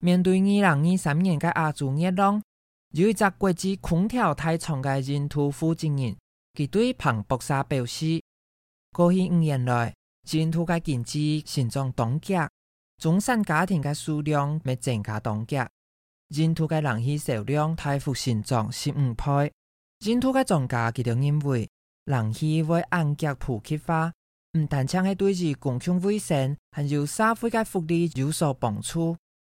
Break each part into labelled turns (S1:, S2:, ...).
S1: 面對二零二三年嘅亞洲熱浪，有一隻國際空調大廠嘅印度負責人，佢對彭博社表示：過去五年來，印度嘅經濟成長凍結，中產家庭嘅數量未增加凍結，印度嘅冷氣數量大幅成長十五倍。印度嘅專家佢哋認為，冷氣會按腳普及化，唔單止係對住公共衛生，還有社會嘅福利有所幫助。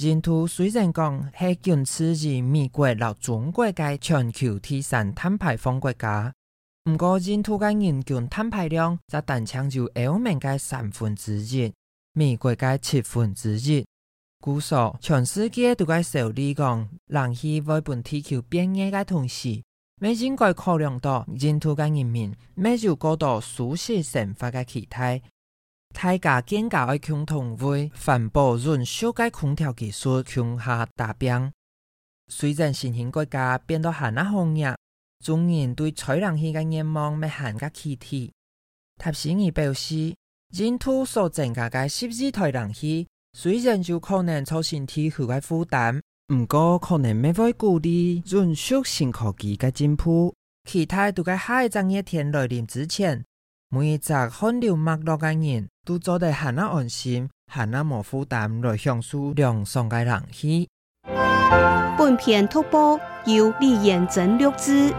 S1: 印度雖然講係僅次於美國、落中國嘅全球第三碳排放國家，唔過印度嘅人均碳排量則但搶就歐盟嘅三分之一，美國嘅七分之一。據說全世界都在受理講，人氣為本，地球變熱嘅同時，你應該考量到印度嘅人民，每就過度舒適生活嘅期待。大家堅格愛共同為環保潤修改空調技術強下達標。雖然新型國家變得很啊行業，總然對吹冷氣嘅願望未限加起提。塔皮尼表示，印度所增加嘅十億台冷氣，雖然就可能造成體許個負擔，唔過可能未會鼓勵潤修新科技嘅進步。期待着該下一場熱天來臨之前。每一集看掉目錄嘅人都做得行得安心，行得冇負擔，來享受涼爽嘅冷氣。本片突破由李沅臻錄製。